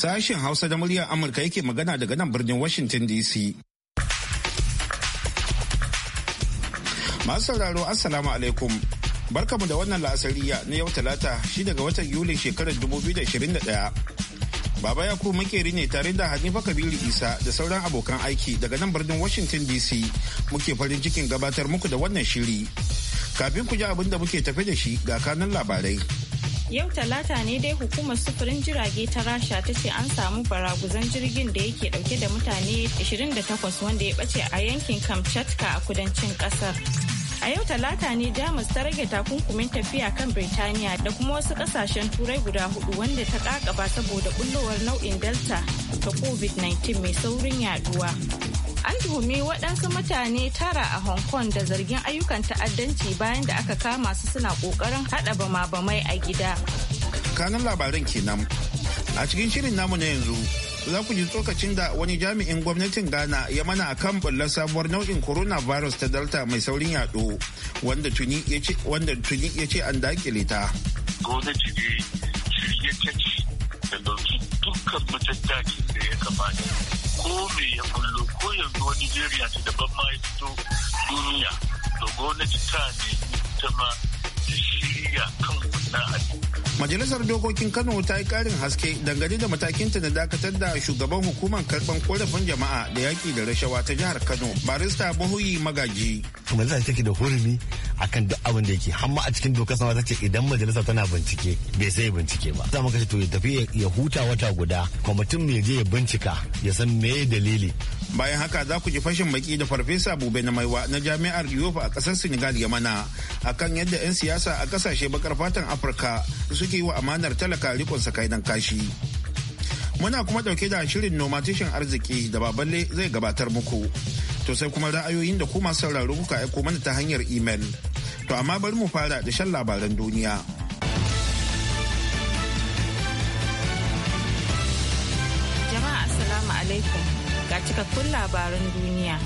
Sashen Hausa da muryar Amurka yake magana daga nan birnin Washington DC. Masu sauraro Assalamu alaikum. Barkamu da wannan la'asariya na yau talata shi daga watan Yuli shekarar 2021. Baba Yaku makeri ne tare da Hanifa Kabiru Isa da sauran abokan aiki daga nan birnin Washington DC muke farin cikin gabatar muku da wannan shiri. Kafin ku ji abin da muke tafe da shi ga kanun labarai. Yau talata ne dai hukumar sufurin jirage ta rasha ta ce an samu baraguzan jirgin da yake dauke da mutane 28 wanda ya bace a yankin Kamchatka a kudancin kasar. A yau talata ne Jamus ta rage takunkumin tafiya kan Birtaniya da kuma wasu kasashen turai guda hudu wanda ta kakaba saboda bullowar nau'in Delta ta COVID-19 mai saurin yaduwa. an tuhumi waɗansu mutane tara a hong kong da zargin ayyukan ta'addanci bayan da aka kama su suna ƙoƙarin haɗa bama-bamai a gida kanan labaran kenan a cikin shirin namu na yanzu za ku ji tsokacin da wani jami'in gwamnatin ghana ya mana a kan bullar sabuwar nau'in coronavirus ta delta mai saurin yaɗo wanda tuni ya ce an dakile ta gwamnati ne shirye da dukkan matattakin da ya kamata ko me ya kullum ko yanzu wani jeriya ce ban ma ya fito duniya to gwamnati ta ne ta ma shirya kan wannan addini majalisar dokokin kano ta yi karin haske dangane da matakinta na dakatar da shugaban hukumar karban korafin jama'a da yaki da rashawa ta jihar kano barista bahuyi magaji majalisa ke da hurumi akan duk abin da yake hamma a cikin dokar sama ta ce idan majalisa tana bincike bai sai bincike ba zama kashe ya tafi ya huta wata guda kwamitin mai je ya bincika ya san me dalili bayan haka za ku ji fashin baki da farfesa bube na maiwa na jami'ar yofa a kasar senegal ya mana akan yadda 'yan siyasa a kasashe bakar fatan afirka su suke yi wa amanar talaka rikon sakaidan kashi muna kuma dauke da shirin noma arziki da baballe zai gabatar muku to sai kuma ra'ayoyin da kuma sauraro kuka aiko mana ta hanyar imel to amma bari mu fara da shan labaran duniya jama'a assalamu alaikum ga cikakkun labaran duniya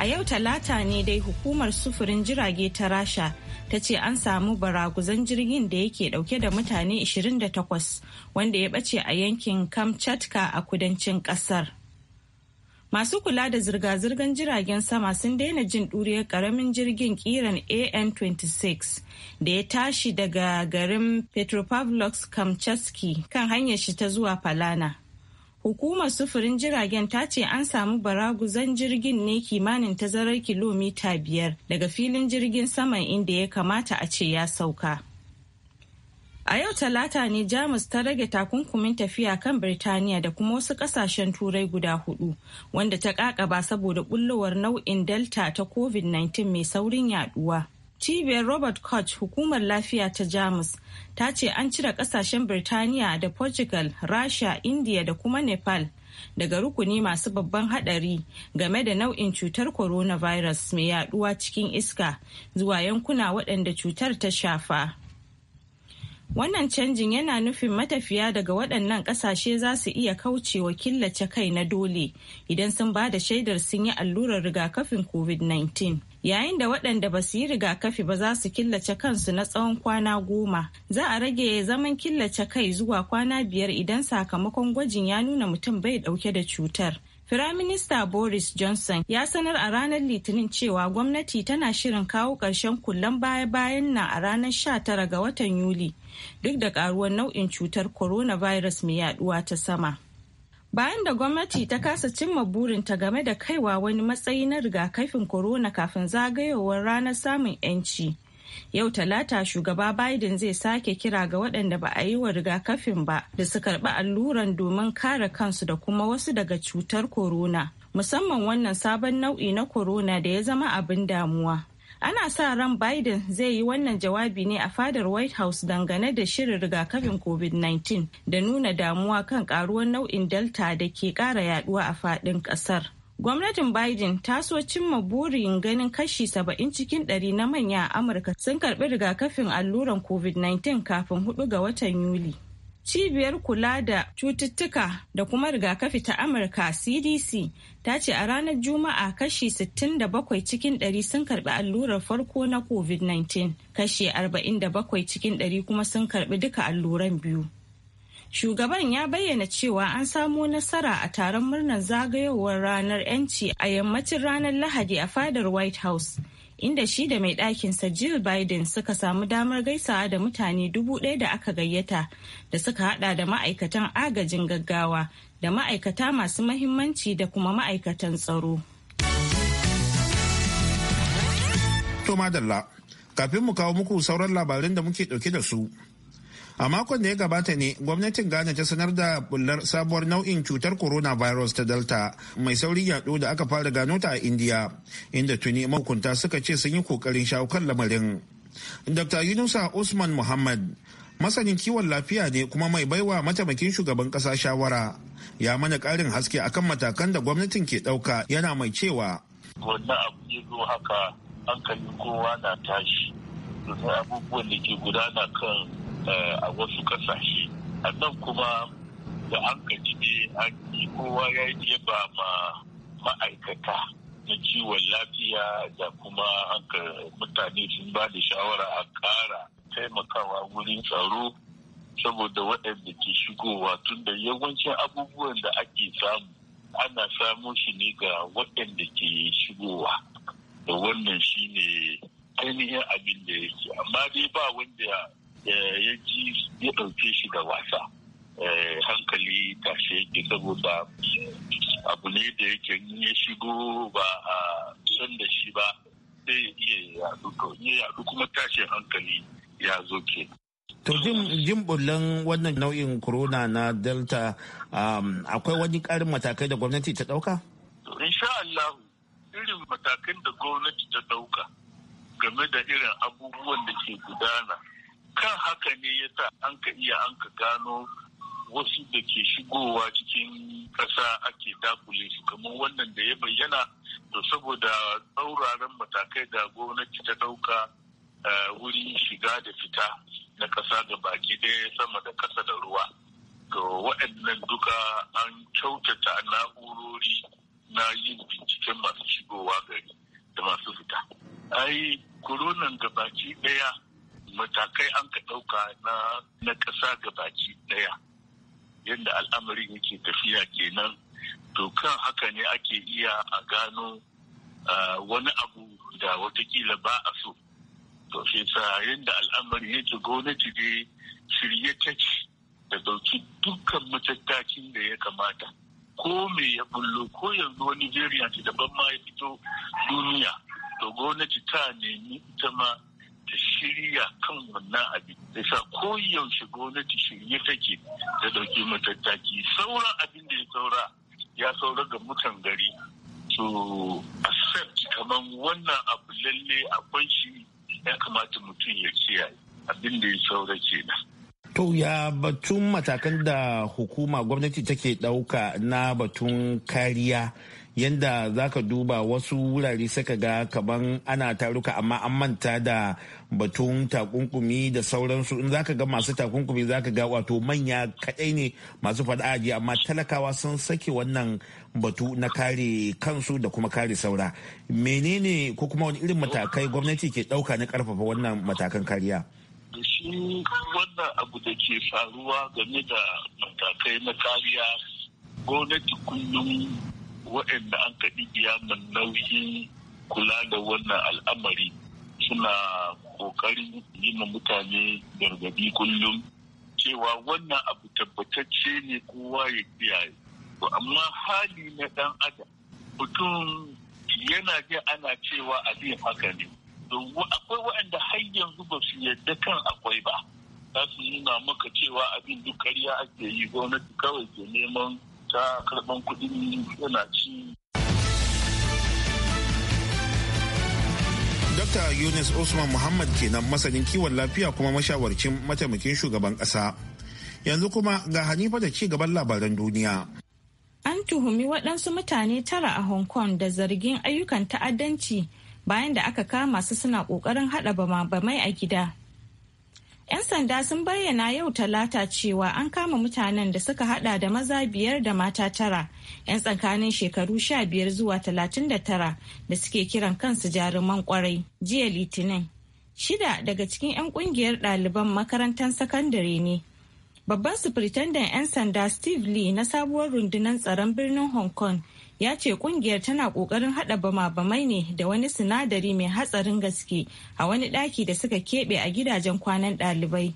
a yau talata ne dai hukumar sufurin jirage ta rasha ta ce an samu baraguzan jirgin da yake dauke da mutane 28 wanda ya bace a yankin kamchatka a kudancin kasar masu kula da zirga-zirgar jiragen sama sun daina jin ɗuriyar ƙaramin jirgin kiran an-26 da ya tashi daga garin petropavlovsk kamchatsky kan hanyar shi ta zuwa falana Hukumar sufurin jiragen ta ce an samu baraguzan jirgin ne kimanin tazarar kilomita biyar daga filin jirgin saman inda ya kamata a ce ya sauka. A yau talata ne Jamus ta rage takunkumin tafiya kan Birtaniya da kuma wasu kasashen turai guda hudu wanda ta kakaba saboda bullowar nau'in Delta ta COVID-19 mai saurin yaduwa. cibiyar robert koch hukumar lafiya ta jamus ta ce an cire kasashen birtaniya da portugal rasha india da kuma nepal daga rukuni masu babban hadari game da nau'in cutar coronavirus mai yaduwa cikin iska zuwa yankuna waɗanda cutar ta shafa wannan canjin yana nufin matafiya daga waɗannan ƙasashe za su iya kaucewa killace kai na dole idan sun ba da shaidar sun yi allurar rigakafin covid-19 yayin da waɗanda ba su yi rigakafi ba za su killace kansu na tsawon kwana goma za a rage zaman killace kai zuwa kwana biyar idan sakamakon gwajin ya nuna mutum bai ɗauke da cutar Firaminista Boris Johnson ya sanar a ranar Litinin cewa gwamnati tana shirin kawo ƙarshen kullen baya-bayan nan a ranar sha tara ga watan Yuli duk da ƙaruwar nau'in cutar coronavirus mai yaduwa ta sama. bayan da gwamnati ta kasa cimma burinta game da kaiwa wani matsayi na rigakafin corona kafin zagayowar ranar samun 'yanci. Yau talata shugaba Biden zai sake kira ga waɗanda ba a yi wa rigakafin ba da su karɓi alluran domin kare kansu da kuma wasu daga cutar corona. Musamman wannan sabon nau'i na corona da ya zama abin damuwa. ana sa ran biden zai yi wannan jawabi ne a fadar white house dangane da shirin rigakafin covid-19 da nuna damuwa kan karuwar nau'in delta da ke kara yaduwa a fadin kasar gwamnatin biden ta so cimma burin ganin kashi 70 cikin 100 na manya a amurka sun karbi rigakafin alluran covid-19 kafin 4 ga watan yuli Cibiyar kula da cututtuka da kuma rigakafi ta Amurka CDC ta ce a ranar Juma'a kashi 67 cikin 100 sun karbi allurar farko na COVID-19, kashi 47 cikin 100 kuma sun karbi duka alluran biyu. Shugaban ya bayyana cewa an samo nasara a taron murnar zagayowar ranar 'yanci a yammacin ranar Lahadi a fadar White House. inda shi da mai ɗakinsa Jill Biden suka samu damar gaisawa da mutane dubu ɗaya da aka gayyata da suka hada da ma'aikatan agajin gaggawa da ma'aikata masu mahimmanci da kuma ma'aikatan tsaro. To madalla, kafin mu kawo muku sauran labarin da muke ɗauke da su. A makon da ya gabata ne gwamnatin Ghana ta sanar da bullar sabuwar nau'in cutar Corona Virus ta Delta mai sauri yaɗo da aka fara gano ta a India, inda tuni mahukunta suka ce sun yi kokarin shawo kan lamarin. Dr. Yunusa Usman Muhammad masanin kiwon lafiya ne kuma mai baiwa mataimakin shugaban ƙasa shawara ya mana ƙarin haske akan matakan da gwamnatin ke ɗauka yana mai cewa. Wannan abu haka hankalin kowa na tashi. Abubuwan da ke gudana kan Eh, a wasu kasashe a nan kuma da an gaji an yi kowa ya yi ba ma ma'aikata na ciwon lafiya da kuma hanka mutane sun ba da shawara a ƙara taimakawa wurin tsaro saboda waɗanda ke shigowa tun da yawancin abubuwan da ake samu ana samu shi ne ga waɗanda ke shigowa da wannan shi ne ainihin abin da yake amma dai ba wanda Eh, ya ji ya ɗauke shi da wasa eh, hankali tashe yake saboda abu ne da yake ya shigo ba a san da shi ba sai iya yadu to iya yadu kuma tashin hankali ya zo ke. To jin bullon wannan nau'in corona na delta um, akwai wani ƙarin matakai da gwamnati ta ɗauka? Insha Allah irin matakan da gwamnati ta ɗauka game da irin abubuwan da ke gudana kan haka ne ya sa an ka iya an ka gano wasu da ke shigowa cikin ƙasa ake dakule su kamar wannan da ya bayyana to saboda tsauraran matakai da gwamnati ta ɗauka eh, wurin shiga da fita na ƙasa da baki ɗaya sama da ƙasa da ruwa Ga waɗannan duka an kyautata na'urori na yin binciken masu shigowa gari da masu fita ai koronan da baki ɗaya matakai an ka ɗauka na ƙasa gabaki ɗaya yadda al'amarin yake tafiya kenan to kan haka ne ake iya a gano wani abu da watakila ba a so to shi sa yadda al'amarin yake gwamnati ne shirye ta ci da ɗauki dukkan matattakin da ya kamata ko me ya bullo ko yanzu wani variant daban ma ya fito duniya to gwamnati ta nemi ita ma shirya kan wannan abin yasa ko yaushe gwamnati shirye take ta ɗauki matattaki sauran abin da ya saura ya saura ga mutan gari to accept kamar wannan abu lalle akwai shi ya kamata mutum ya kiyaye abin da ya saura kenan To ya batun matakan da hukuma gwamnati take ɗauka na batun kariya yadda za ka duba wasu wurare saka ga kaban ana taruka amma an manta da batun takunkumi da sauransu in za ga masu takunkumi za ka ga wato manya kadai ne masu faɗa aji amma talakawa sun sake wannan batu na kare kansu da kuma kare saura menene ko kuma wani irin matakai gwamnati ke ɗauka na karfafa wannan matakan kariya. da shi wannan abu da ke faruwa game da matakai na kariya gwamnati kullum waɗanda an kaɗi biyaman nauyin kula da wannan al'amari suna ƙoƙarin yi ma mutane gargadi kullum cewa wannan abu tabbatacce ne kowa ya kiyaye. To amma hali na ɗan adam mutum yana jin ana cewa abin haka ne. yanzu akwai waɗanda har yanzu ba su yadda kan akwai ba za su nuna maka cewa abin duk karya ake yi gwamnati kawai ke neman ta karɓan kuɗin yana ci. Dokta Yunus Usman Muhammad kenan masanin kiwon lafiya kuma mashawarcin mataimakin shugaban ƙasa. Yanzu kuma ga Hanifa da ci gaban labaran duniya. an tuhumi waɗansu mutane tara a Hong Kong da zargin ayyukan ta'addanci bayan da aka kama su suna kokarin hada bama-bamai a gida. 'Yan sanda sun bayyana yau talata cewa an kama mutanen da suka hada da maza biyar da mata tara 'yan tsakanin shekaru sha biyar zuwa talatin da tara da suke kiran kansu jaruman kwarai jiya litinin. Shida daga cikin 'yan kungiyar ɗaliban makarantar sakandare ne. Babban sufritandan 'yan sanda Steve Lee na sabuwar rundunar tsaron birnin Hong Kong ya ce kungiyar tana kokarin hada bama-bamai ne da wani sinadari mai hatsarin gaske a wani daki da suka keɓe a gidajen kwanan ɗalibai.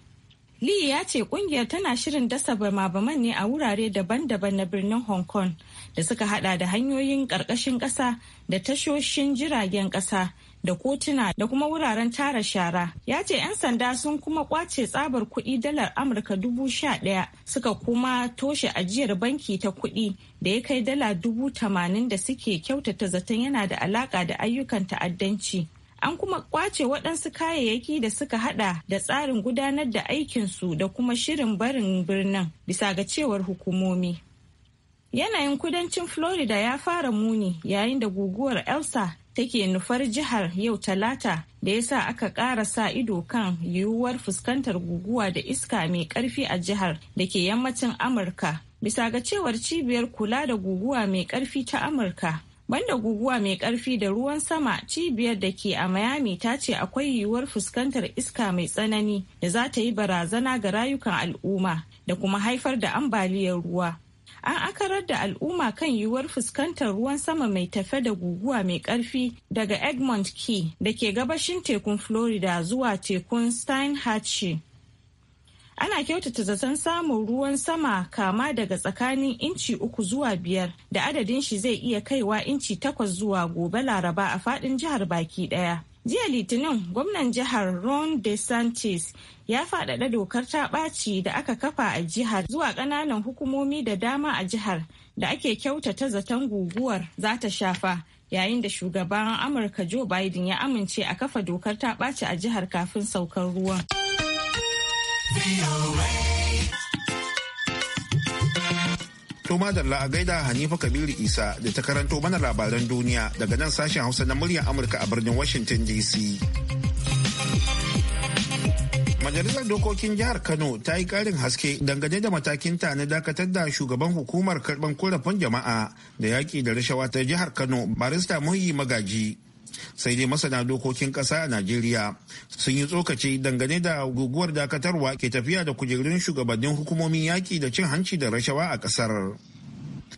Lee ya ce kungiyar tana shirin dasa bama-baman ne a wurare daban-daban na birnin Hong Kong da suka hada da hanyoyin ƙarƙashin ƙasa da tashoshin jiragen ƙasa da kotuna da kuma wuraren tara shara ya ce 'yan sanda sun kuma kwace tsabar kuɗi dalar amurka dubu sha ɗaya suka kuma toshe ajiyar banki ta kuɗi da ya kai dala dubu tamanin da suke kyautata zaton yana da alaƙa da ayyukan ta'addanci an kuma kwace waɗansu kayayyaki da suka hada da tsarin gudanar da aikinsu da kuma shirin barin birnin bisa ga cewar hukumomi yanayin kudancin florida ya fara muni yayin da guguwar elsa take nufar jihar yau talata da ya sa aka ƙara sa ido kan yiwuwar fuskantar guguwa da iska mai ƙarfi a jihar da ke yammacin amurka bisa ga cewar cibiyar kula da guguwa mai ƙarfi ta amurka banda guguwa mai ƙarfi da ruwan sama cibiyar da ke a miami ta ce akwai yiwuwar fuskantar iska mai tsanani da za ta yi barazana ga rayukan al'umma da kuma haifar da ambaliyar ruwa an akarar da al'umma kan yiwuwar fuskantar ruwan sama mai tafe da guguwa mai karfi daga egmont key da ke gabashin tekun florida zuwa tekun steinhatchee ana kyautata zaton samun ruwan sama kama daga tsakanin inci uku zuwa biyar da adadin shi zai iya kaiwa inci takwas zuwa gobe laraba a faɗin jihar baki ɗaya jiya litinin gwamnan jihar ron desantis ya faɗaɗa dokar ta ɓaci da aka kafa a jihar zuwa ƙananan hukumomi da dama a jihar da ake kyautata zaton guguwar za ta shafa yayin da shugaban amurka joe biden ya amince a kafa dokar ta ɓaci a jihar kafin saukar ruwan. To madalla a gaida Hanifa Kabiru Isa da ta karanto mana labaran duniya daga nan sashen Hausa na muryar Amurka a birnin Washington DC. Majalisar Dokokin Jihar Kano ta yi karin haske dangane da matakinta na dakatar da shugaban hukumar karban korafin jama'a da yaƙi da rashawa ta jihar Kano barista muhi magaji. sai dai masana dokokin kasa a najeriya sun yi tsokaci dangane da guguwar dakatarwa ke tafiya da kujerun shugabannin hukumomin yaƙi da cin hanci da rashawa a ƙasar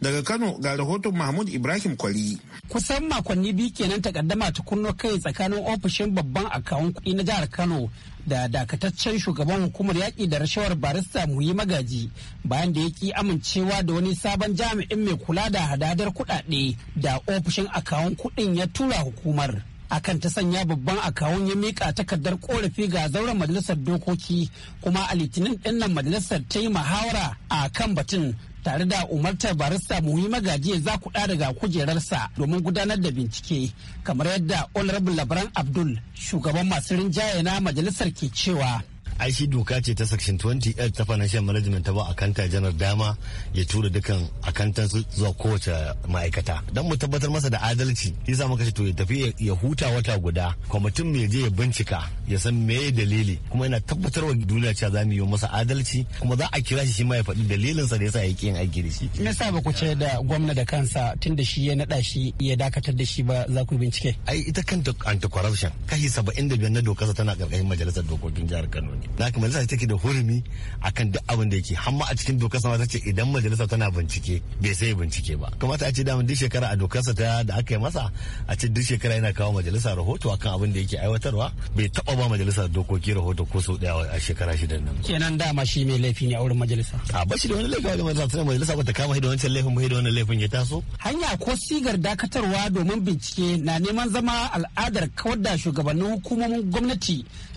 daga kano ga rahoton mahmud ibrahim kwali kusan makonni biyu kenan takaddama ta kunno kai tsakanin ofishin babban akawun kuɗi na jihar kano da dakataccen shugaban hukumar yaƙi da rashawar barista mu yi magaji bayan da ya ki amincewa da wani sabon jami'in mai kula da hadadar kuɗaɗe da ofishin akawun kuɗin ya tura hukumar. akan ta sanya babban akawun ya mika takardar korafi ga zauren majalisar dokoki kuma a litinin dinnan majalisar ta yi mahawara a kan batun tare da umartar barista muhi magaji za ku daga kujerarsa domin gudanar da bincike kamar yadda honorable labaran abdul shugaban masu rinjaye na majalisar ke cewa ai doka ce ta section 20 ta financial management ta ba kanta janar dama ya tura dukan akantan zuwa kowace ma'aikata don mu tabbatar masa da adalci ya muka ce to ya tafi ya huta wata guda kwamitin mai je ya bincika ya san me dalili kuma yana tabbatar wa duniya cewa za mu yi masa adalci kuma za a kira shi shi ma ya faɗi dalilinsa da yasa ya ƙi yin aiki da shi. me yasa ba ku ce da gwamna da kansa tun da shi ya naɗa shi ya dakatar da shi ba za ku bincike. ai ita kanta anti corruption kashi saba'in da biyar na dokarsa tana karkashin majalisar dokokin jihar kano ne na haka majalisa take da hurumi akan duk abin da yake hamma a cikin dokar sama ta ce idan majalisa tana bincike bai sai bincike ba kamata a ce daman duk shekara a dokarsa ta da aka yi masa a ce duk shekara yana kawo majalisa rahoto akan abin da yake aiwatarwa bai taba ba majalisa dokoki rahoto ko sau daya a shekara shida nan kenan dama shi mai laifi ne a wurin majalisa a bashi da wani laifi a wurin majalisa tana majalisa ba ta kama hidon wancan laifin ba da wannan laifin ya taso hanya ko sigar dakatarwa domin bincike na neman zama al'adar kawar da shugabannin hukumomin gwamnati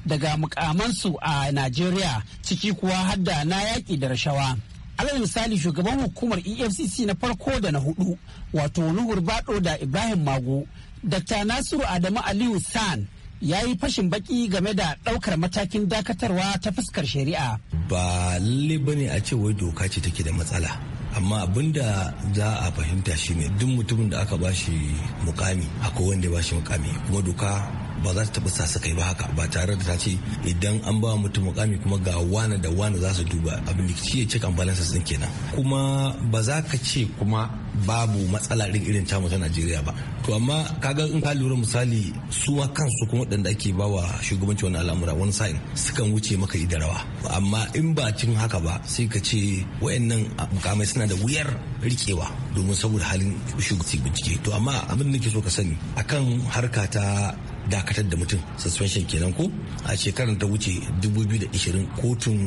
daga mukamansu a a Najeriya ciki kuwa hadda na yaƙi da rashawa. alal misali shugaban hukumar efcc na farko da na hudu wato nuhur bado da ibrahim mago dr nasiru adamu aliyu san ya yi fashin baki game da daukar matakin dakatarwa ta fuskar shari'a ba lalle ba ne a ce wai doka ce take da matsala amma abin da za a fahimta shi ne duk mutumin da aka bashi mukami akwai wanda ya bashi mukami kuma doka ba za ta taɓa sa kai ba haka ba tare da ta ce idan an ba mutum mukami kuma ga wani da wani za su duba abin da ke check and kenan kuma ba za ka ce kuma babu matsala din irin tamu ta Najeriya ba to amma kaga in ka lura misali su ma kansu kuma waɗanda ake bawa shugabanci wani al'amura wani sa'in sukan wuce maka idarawa amma in ba cin haka ba sai ka ce wayannan mukamai suna da wuyar rikewa domin saboda halin shugabanci bincike to amma abin da nake so ka sani akan harka ta dakatar da mutum suspension kenan ko a shekarar ta wuce 2020 kotun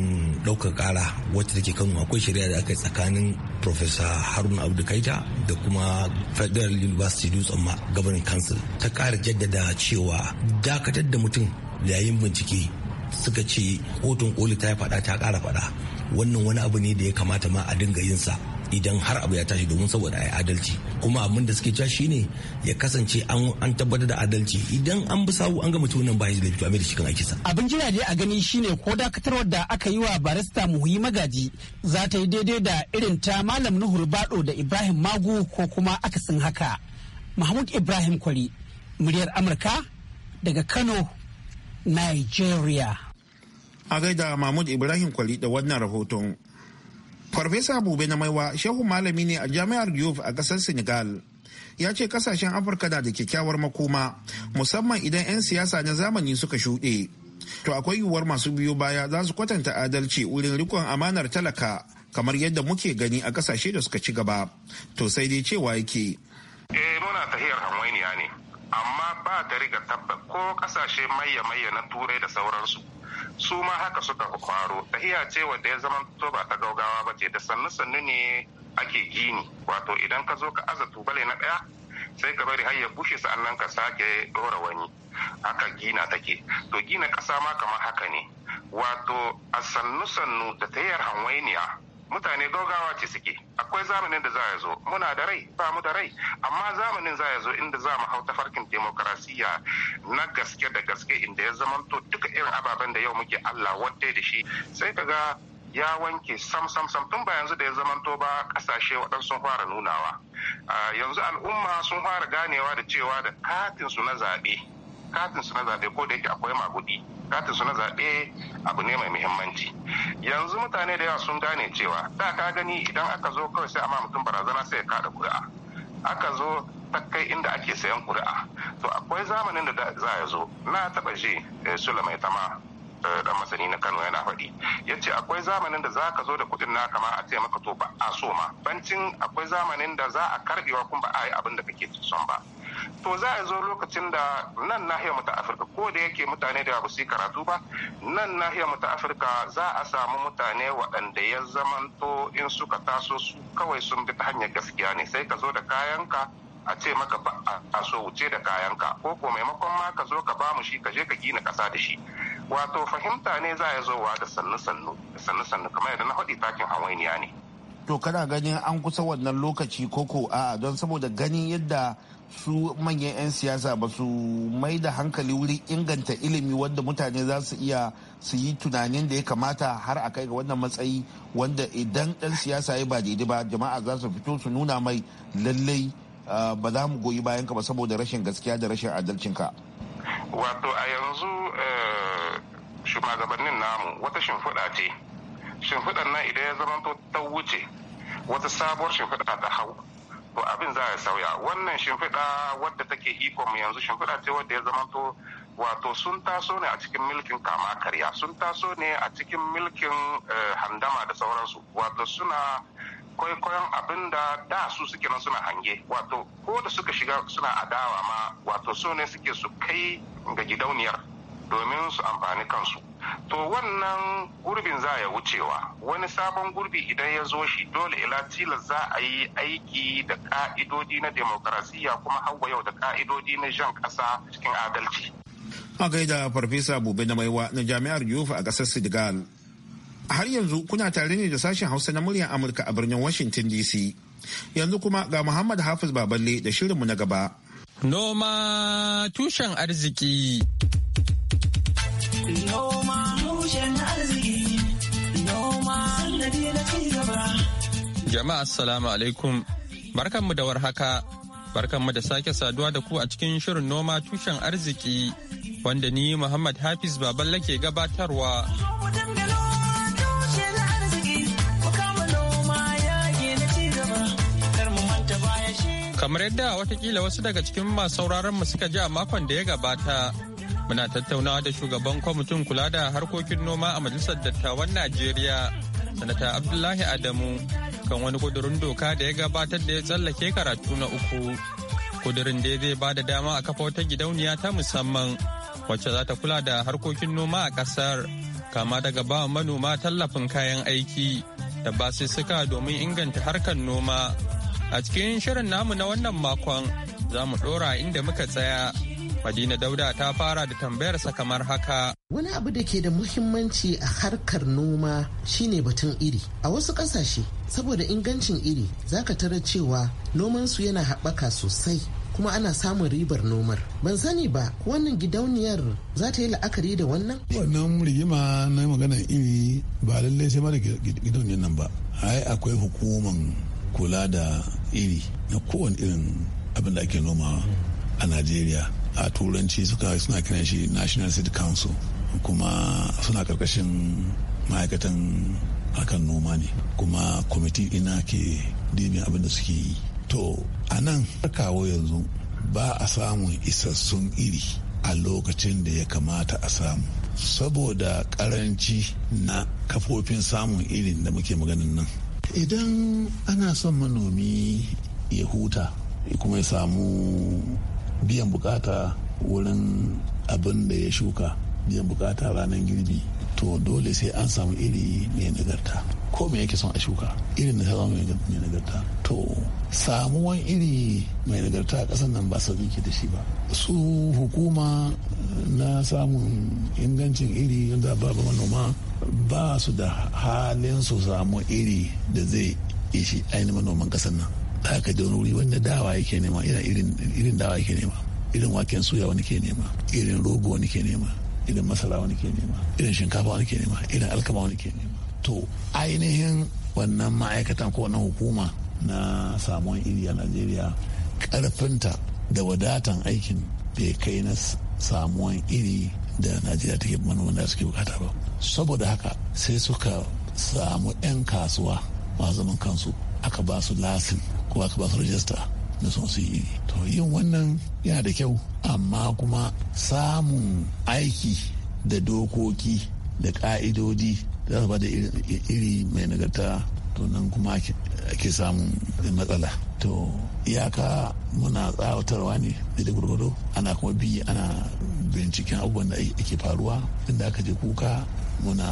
ɗaukar ƙara wacce take kano akwai shari'a da aka yi tsakanin professor haruna abdu kaita da kuma federal university dutsen ma governing council ta kara jaddada cewa dakatar da mutum yayin bincike suka ce kotun koli ta ya faɗa ta ƙara faɗa wannan wani abu ne da ya kamata ma a dinga yinsa idan har abu ya tashi domin saboda a adalci kuma abin da suke cewa shine ya kasance an tabbatar da adalci idan an bi sawu an ga mutum nan ba shi da laifi shi kan aikinsa abin jira dai a gani shine ko dakatarwar da aka yi wa barista muhi magaji za ta yi daidai da irin ta malam nuhur bado da ibrahim magu ko kuma akasin haka mahmud ibrahim kwari muryar amurka daga kano nigeria a gaida mahmud ibrahim kwari da wannan rahoton farfesa Abube na maiwa shehu malami ne a jami'ar Diouf a ƙasar senegal ya ce kasashen afirka na da kyakkyawar makoma musamman idan 'yan siyasa na zamani suka shuɗe to akwai yiwuwar masu biyo baya za su kwatanta adalci wurin rikon amanar talaka kamar yadda muke gani a kasashe da suka ci gaba to sai dai cewa yake eh muna tahiyar hanwainiya ne amma ba ta riga tabba ko kasashe mayya mayya na turai da sauransu su ma haka suka kwaro tahiya ce wanda ya zama to ba ta gaugawa ba ce da sannu sannu ne ake gini wato idan ka zo ka aza tubale na ɗaya sai ka bari har ya bushe sa'annan ka sake ɗora wani haka gina take to gina ƙasa ma kamar haka ne wato a sannu sannu da tayar hanwainiya mutane gaugawa ce suke akwai zamanin da za ya zo muna da rai ba mu da rai amma zamanin za ya zo inda za mu hau tafarkin demokarasiya na gaske da gaske inda ya zamanto duka irin ababen da yau muke allah wadda da shi sai ka ga ya wanke sam sam sam tun ba yanzu da ya zamanto ba kasashe waɗansu sun fara nunawa ah, yanzu al'umma sun fara ganewa da cewa da katin su na zaɓe katin su na zaɓe ko da yake akwai magudi katin su na zaɓe abu ne mai muhimmanci yanzu mutane da yawa sun gane cewa da ka gani idan aka zo kawai sai a ma mutum barazana sai ya kada kuri'a aka zo ta kai inda ake sayan kuri'a to akwai zamanin da za a zo na taɓa ji eh, sula mai tama dan eh, masani na Kano yana faɗi ya ce akwai zamanin da za ka zo da kuɗin na kama a ce maka to ba a so ma bancin akwai zamanin da za a karɓewa kuma ba a yi abin da kake son ba to za a zo lokacin da nan nahiyar mu ta afirka ko da yake mutane da ba su karatu ba nan nahiyar mu ta afirka za a samu mutane waɗanda ya zamanto in suka taso su kawai sun bi ta hanyar gaskiya ne sai ka zo da kayanka a ce maka ba a so wuce da kayanka ko ko maimakon ma ka zo ka ba mu shi ka je ka gina ƙasa da shi wato fahimta ne za a zo wa da sannu sannu sannu sannu kamar yadda na haɗi takin hawainiya ne to kana ganin an kusa wannan lokaci koko a don saboda ganin yadda su manyan 'yan siyasa ba su mai da hankali wuri inganta ilimi wanda mutane za su iya su yi tunanin da ya kamata har a kai ga wannan matsayi wanda idan ɗan siyasa ya ba daidai ba jama'a za su fito su nuna mai lallai ah, ba za mu goyi bayanka ba saboda rashin gaskiya da rashin adalcinka. wato a yanzu eh, shugabannin namu wata shimfiɗa ce shimfiɗar nan idan ya zama ta wuce wata sabuwar shimfiɗa ta hau to abin za a sauya wannan shimfiɗa wadda take iko mu yanzu shimfiɗa ce wadda ya zama to wato sun taso ne a cikin milkin kama karya sun taso ne a cikin milkin eh, handama da sauransu wato suna kwaikwayon abin da da su suke nan suna hange wato ko da suka shiga suna adawa ma wato so ne suke su kai ga gidauniyar domin su amfani kansu to wannan gurbin za ya wucewa wani sabon gurbi idan ya zo shi dole ila tilas za a yi aiki da ka'idodi na demokrasiya kuma hawa yau da ka'idodi na jan kasa cikin adalci. a gaida farfesa bube na maiwa na jami'ar yufa a kasar senegal har yanzu kuna tare ne da sashen hausa na muryar amurka a birnin washington dc yanzu kuma ga muhammad hafiz baballe da shirinmu na gaba noma tushen arziki noma Jama'a assalamu alaikum barkanmu da warhaka barkanmu da sake saduwa da ku a cikin shirin noma tushen arziki wanda ni Muhammad Hafiz Baballe ke gabatarwa. Kamar yadda watakila wasu daga cikin masu sauraron mu suka ji a makon da ya gabata Muna tattaunawa da shugaban kwamitin kula da harkokin noma a Majalisar Dattawan Najeriya, Sanata Abdullahi Adamu, kan wani kudurin doka da ya gabatar da ya tsallake karatu na uku. Kudurin da zai ba da dama a kafa wata gidauniya ta musamman wacce za ta kula da harkokin noma a ƙasar, kama daga ba manoma tallafin kayan aiki da basussuka domin inganta harkar noma. A cikin shirin namu na wannan makon za mu ɗora inda muka tsaya. Fadina Dauda ta fara da tambayarsa kamar haka. Wani abu da ke da muhimmanci a harkar noma shine batun iri. A wasu ƙasashe, saboda ingancin iri, zaka ka tara cewa nomansu yana haɓaka sosai. kuma ana samun ribar nomar ban sani ba wannan gidauniyar za ta yi la'akari da wannan wannan rigima na maganar iri ba lallai sai mara gidauniyar nan ba ai akwai hukuman kula da iri na kowane irin abin da ake nomawa a najeriya a turanci suka suna kiran shi national city council kuma suna karkashin ma'aikatan harkar noma ne kuma kwamiti ina ke dimi abin da suke yi to a nan kawo yanzu ba a samun isassun iri a lokacin da ya kamata a samu saboda karanci na kafofin samun irin da muke maganin nan idan ana son manomi ya huta kuma ya samu biyan bukata wurin abin da ya shuka biyan bukata ranar girbi to dole sai an samu iri mai nagarta ko me yake son a shuka irin da ta zama mai nagarta to samuwan iri mai nagarta a ƙasar nan ba sauƙi ke da shi ba su hukuma na samun ingancin iri yadda ba manoma ba su da halin su samu iri da zai ishi ainihin manoman ƙasar nan da ka je wani wuri wanda dawa yake nema irin dawa yake nema irin waken suya wani ke nema irin rogo wani ke nema irin masara wani ke nema irin shinkafa wani ke nema irin alkama wani ke nema to ainihin wannan ma'aikatan ko wannan hukuma na samuwan iri a najeriya karfinta da wadatan aikin bai kai na samuwan iri da najeriya take manoma da suke bukata ba saboda haka sai suka samu 'yan kasuwa masu zaman kansu aka ba su lasin ko aka ba su rajista da son su yi to yin wannan yana da kyau amma kuma samun aiki da dokoki da ka'idodi da ba da iri mai nagarta to nan kuma ake samun matsala to iyaka muna tsawatarwa ne da gurgudu ana kuma bi ana binciken abubuwan da ake faruwa inda aka je kuka muna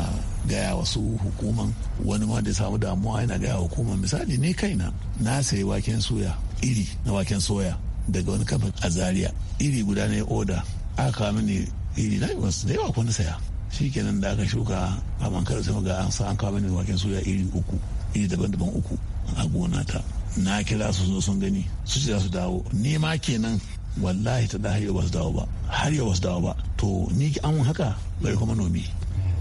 gaya wasu hukuman wani ma da samu damuwa yana gaya hukuman misali ne kaina na sayi waken soya iri na waken soya daga wani kamfan a zaria iri guda ne oda aka kawo mini iri na wasu da yawa kuma saya shi kenan da aka shuka a bankar sai ga an sa an kawo mini waken soya iri uku iri daban-daban uku a gona ta na kira su zo sun gani su ce za su dawo ni ma kenan wallahi ta har yau ba su dawo ba har yau ba su dawo ba to ni an haka bari kuma nomi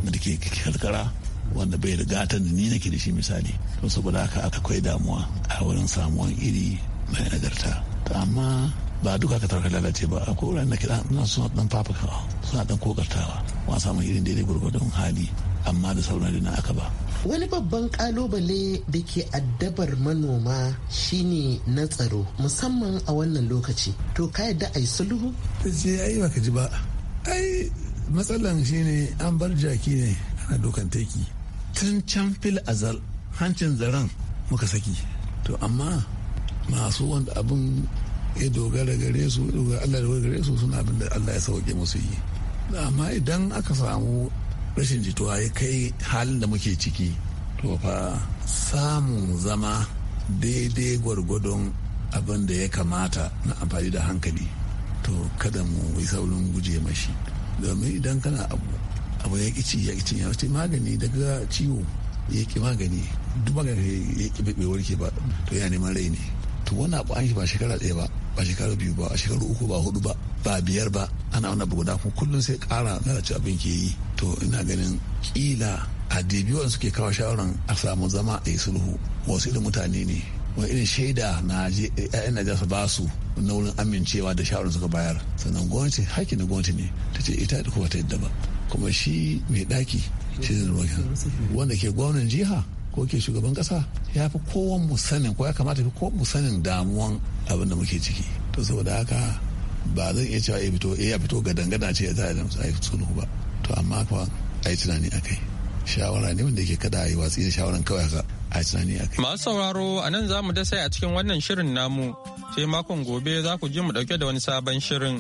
da ke karkara wanda bai da gatan da ni nake da shi misali to saboda haka akwai damuwa a wurin samuwan iri mai nagarta to amma ba duka ka tarka lalace ba akwai wuraren da kiɗa suna dan fafaka suna dan kokartawa ma samun irin daidai gwargwadon hali amma da sauran na aka ba wani babban kalobale da ke addabar manoma shine na tsaro musamman a wannan lokaci to ka yadda a yi sulhu ta ce ai baka ji ba ai matsalan shine an bar jaki ne ana dokan teki tun can fil azal hancin zaren muka saki to amma masu wanda abin ya dogara gare su dogara Allah da gare su suna abin da Allah ya sauke musu yi amma idan aka samu rashin jituwa ya kai halin da muke ciki to fa samun zama daidai gwargwadon abin da ya kamata na amfani da hankali to kada mu yi saurin guje mashi domin idan kana abu abu ya kici ya kici ya ce magani daga ciwo ya ki magani duk magani ya ki bai warke ba to ya neman rai ne to wani abu an shi ba shekara ɗaya ba ba shekaru biyu ba shekaru uku ba hudu ba ba biyar ba ana wani abu guda kuma kullum sai kara lalace abin ke yi to ina ganin kila a wanda suke kawo shawarar a samu zama a yi sulhu wasu irin mutane ne wani irin shaida na yan na su ba su na wurin amincewa da shawarar suka bayar sannan gwamnati haƙƙi na gwamnati ne ta ce ita da kuma ta yadda ba kuma shi mai ɗaki shi ne wanda ke gwamnan jiha ko ke shugaban kasa ya fi kowan mu sanin ko ya kamata fi kowan mu sanin damuwan abin da muke ciki to saboda haka ba zan iya cewa eh, eh, ya fito ya fito ga dangana ce ya za a yi sulhu ba to amma fa a yi tunani a kai shawara ne wanda yake kada a yi watsi da shawaran kawai haka a yi tunani a kai. masu sauraro a nan za mu dasa a cikin wannan shirin namu sai makon gobe za ku ji mu dauke da wani sabon shirin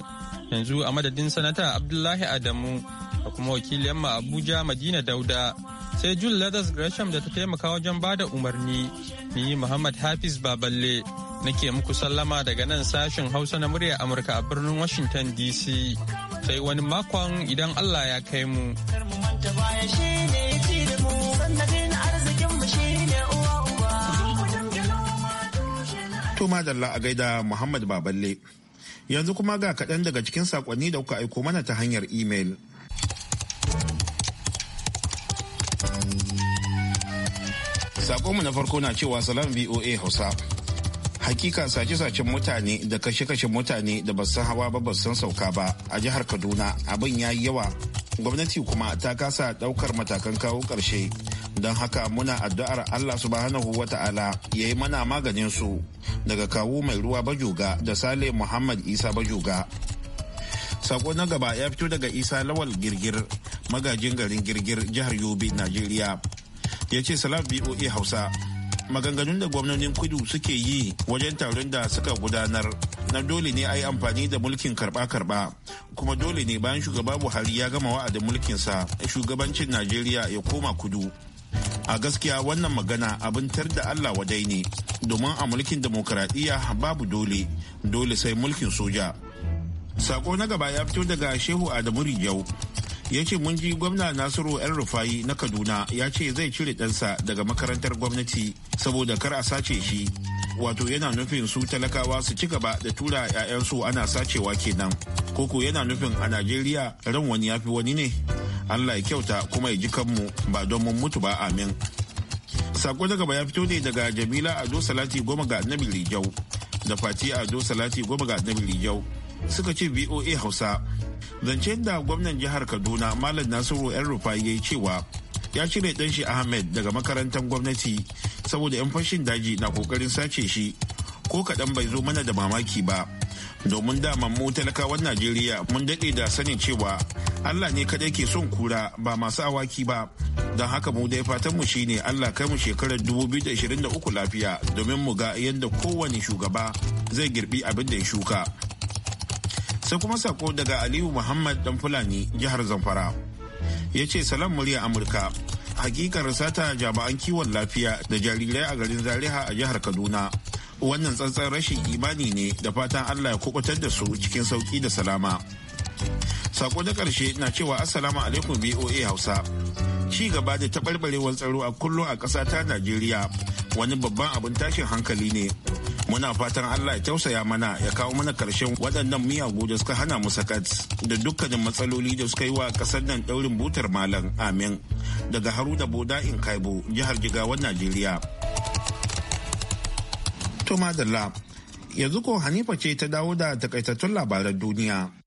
yanzu a madadin sanata abdullahi adamu da kuma wakilin mu abuja madina dauda sai Jul ladas Gresham da ta taimaka wajen ba da umarni. Ni Muhammad Hafiz Baballe nake muku sallama daga nan sashen Hausa na murya Amurka a birnin Washington DC. Sai wani makon idan Allah ya kai mu. To madalla a gaida Muhammad Baballe. Yanzu kuma ga kaɗan daga cikin saƙonni da kuka aiko mana ta hanyar imel. Sakonmu na farko na cewa salam VOA Hausa. Hakika sace-sacen mutane da kashe kashen mutane da ba san hawa ba ba san sauka ba a jihar Kaduna abin ya yi yawa. Gwamnati kuma ta kasa daukar matakan kawo karshe Don haka muna addu'ar Allah subhanahu wa ta'ala ya yi mana maganin su daga kawu mai ruwa bajuga da Sale Muhammad Isa bajuga. Sako na gaba ya fito daga Isa Lawal Girgir magajin garin Girgir jihar Yobe, Najeriya. ya ce salam voa hausa maganganun da gwamnonin kudu suke yi wajen taron da suka gudanar na dole ne a yi amfani da mulkin karba-karba kuma dole ne bayan shugaba buhari ya gama wa'adin mulkinsa shugabancin najeriya ya koma kudu a gaskiya wannan magana abin tar da allah wadai ne domin a mulkin demokuraɗiyya babu dole dole sai mulkin soja sako na gaba ya fito daga shehu adamu rijau ya ce mun ji gwamna nasiru yan rufayi na kaduna ya ce zai cire ɗansa daga makarantar gwamnati saboda kar a sace shi wato yana nufin su talakawa su ci gaba da tura 'ya'yansu ana sacewa kenan koko yana nufin a najeriya ran wani ya fi wani ne allah ya kyauta kuma ya ji kanmu ba don mun mutu ba amin sako na gaba ya fito ne daga jamila ado salati goma ga nabi rijau da fati ado salati goma ga nabi rijau suka ce voa hausa zance da gwamnan jihar kaduna malam nasiru yan rufa ya yi cewa ya cire dan shi ahmed daga makarantar gwamnati saboda yan fashin daji na kokarin sace shi ko kaɗan bai zo mana da mamaki ba domin dama mu talakawan najeriya mun daɗe da sanin cewa allah ne kaɗai ke son kura ba masu awaki ba don haka mu dai fatan mu shine allah kai mu shekarar 2023 lafiya domin mu ga yadda kowane shugaba zai girbi abin da ya shuka sai kuma sako daga aliyu muhammad dan fulani jihar zamfara ya ce salam murya amurka hakikar sata jami'an kiwon lafiya da jarirai a garin zariha a jihar kaduna wannan tsantsan rashin imani ne da fatan allah ya kubutar da su cikin sauki da salama sako na karshe na cewa assalamu alaikum voa hausa ci gaba da taɓarɓarewar tsaro a kullum a ƙasa ta najeriya wani babban abin tashin hankali ne muna fatan allah ya tausaya mana ya kawo mana karshen waɗannan miyagu da suka hana mu sakat da dukkanin matsaloli da suka yi wa ƙasar nan ɗaurin butar malam amin daga haruna boda in kaibo jihar jigawan najeriya to madalla yanzu ko hanifa ce ta dawo da takaitattun labaran duniya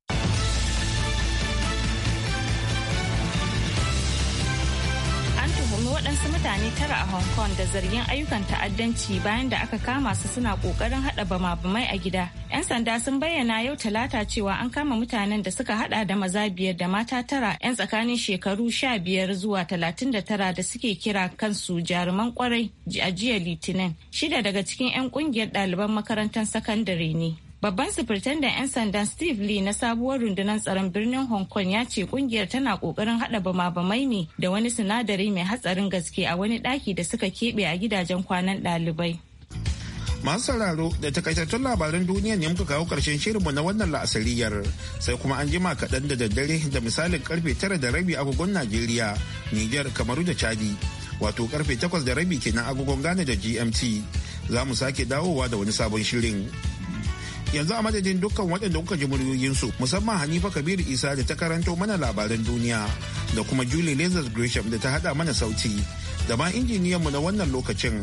shekaru tara a Hong Kong da zargin ayyukan ta'addanci bayan da aka kama su suna kokarin hada bama-bamai a gida. 'Yan sanda sun bayyana yau talata cewa an kama mutanen da suka hada da maza biyar da mata tara 'yan tsakanin shekaru sha biyar zuwa talatin da tara da suke kira kansu jaruman kwarai a jiya litinin. Shida daga cikin 'yan kungiyar ɗaliban makarantar sakandare ne. Babban sufurtandan 'yan sandan Steve Lee na sabuwar rundunar tsaron birnin Hong Kong ya ce kungiyar tana kokarin hada bama-bamai ne da wani sinadari mai hatsarin gaske a wani daki da suka kebe a gidajen kwanan dalibai. Masu sauraro da takaitattun labaran duniya ne muka kawo karshen shirinmu na wannan la'asariyar sai kuma an jima kaɗan da daddare da misalin karfe tara da rabi agogon Najeriya, niger Kamaru da Chadi. Wato karfe takwas da rabi kenan agogon Ghana da GMT. Za mu sake dawowa da wani sabon shirin. yanzu a madadin dukkan waɗanda kuka ji muryoyinsu musamman hanifa kabiru isa da ta karanto mana labaran duniya da kuma julie lazarus gresham da ta haɗa mana sauti da ma injiniyanmu na wannan lokacin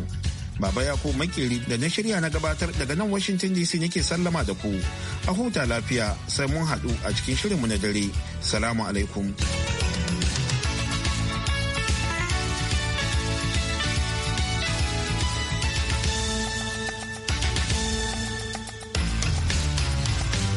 baba ya yako makeri da na shirya na gabatar daga nan washington dc nake sallama da ku a huta lafiya sai mun haɗu a cikin shirinmu na dare salamu alaikum